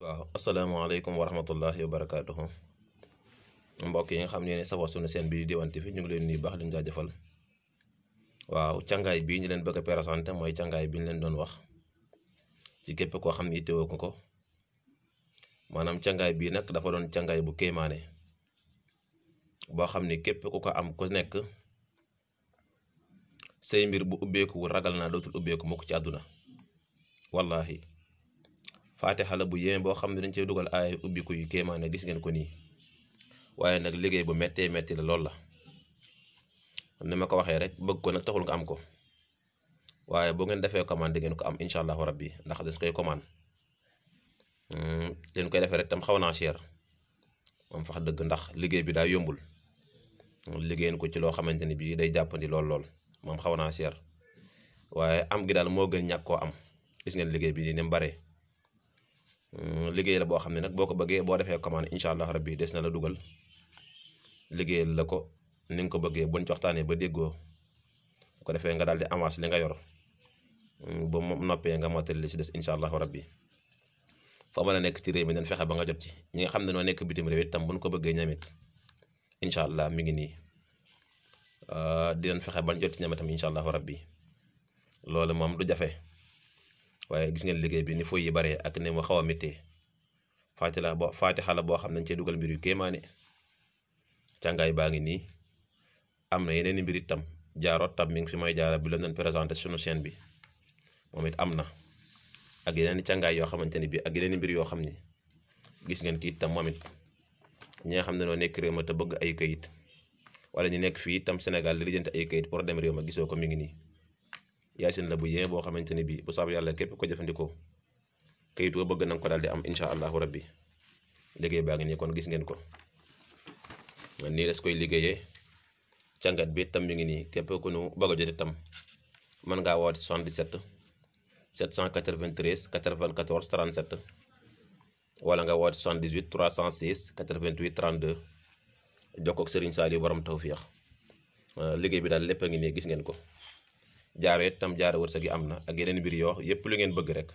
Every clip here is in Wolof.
waaw asalaamaaleykum wa rahmatullahi wa barakaatuhu yi nga xam ne ne safoo suñu seen bi di Diwane TV ñu ngi leen nuyu baax di jaajëfal waaw càngaay bi ñu leen bëgg a mooy càngaay bi ñu leen doon wax ci képp koo xam ne itteewoo ko ko maanaam càngaay bii nag dafa doon càngaay bu kéemaane boo xam ni képp ku ko am ko nekk say mbir bu ubbeeku ragal naa dootul ubbeeku mukk ci àdduna wallaahi faatixa la bu yéeme boo xam ne dañ cey dugal aaya ubbiku yu ne gis ngeen ko nii waaye nag liggéey bu mettee métti la lool la ni ma ko waxee rek bëgg ko nag taxul nga am ko waaye boo ngeen defee commande di ngeen ko am incha allahu rabbi ndax dañ koy commande leen hmm, koy defee rek tam xaw naa cher moom fax dëgg ndax liggéey bi daa yombul liggéeyan ko ci loo xamante ni bii day jàppandi lool lool moom xaw naa cher waaye am gi daal moo gën ñàkk koo am gis ngeen liggéey bi ni mu bare Euh, liggéey la boo xam ne nag boo ko bëggee boo defee commande incha allah rabbi des na la dugal liggéeyal la ko ni ko bëggee buñ ci waxtaanee ba déggoo ko defee nga daal di avance li nga yor mm, boo mu noppee nga mottali li si des incha allah rabbi foo mën a nekk ci réew mi dañ fexe ba nga jot ci ñi nga xam ne noo nekk bitim réew itam buñ ko bëggee ñamit incha allah mi ngi nii euh, dinañ fexe ban jot ci ñamitam incha allah rabbi loolu moom du jafe. waaye gis ngeen liggéey bi ni fooy yi baree ak ni mu xaw a méttee faati la boo faati la boo xam ne cee dugal mbir yu kéemaane càngaay baa ngi nii am na yeneen i mbir itam jaaroot tam mi ngi fi may jaara bi lañ leen présenté sunu chaîne bi moom it am na ak yeneen i càngaay yoo xamante ni bii ak yeneen mbir yoo xam ni gis ngeen kiit tam moom it ñi xam ne noo nekk réew ma te bëgg ay kayit wala ñu nekk fii itam Sénégal di lijjanti ay kayit pour dem réew ma gisoo ko mi ngi nii. yaasin la bu yee boo xamante ne bii bu saabu yàlla képp ko jëfandikoo kayit boo bëgg na nga ko daal di am incha allahu rabbi liggéey baa ngi nii kon gis ngeen ko nii des koy liggéeyee càngat bi tam mi ngi nii képp ku nu bëgg a jot tam mën ngaa woote 77 793 94 37 wala nga woote 78 306 88 32 jokkoog Serigne Saliou borom tawféex euh, liggéey bi daal lépp a ngi nii gis ngeen ko. jaaro it tam jaaro wërsëg yi am na ak yeneen mbir yoo yëpp lu ngeen bëgg rek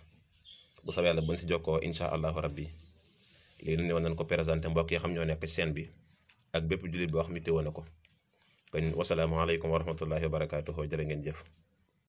bu la yàlla buñ si jokkoo incha allahu rabbi léegi nag ne woon nañ ko présenté mbokk yi xam ñoo nekk seen bi ak bépp jullit boo xam ne téewoon na ko kon wasalaamaaleykum wa rahmatullahi wa barakaatuhu jërë ngeen jëf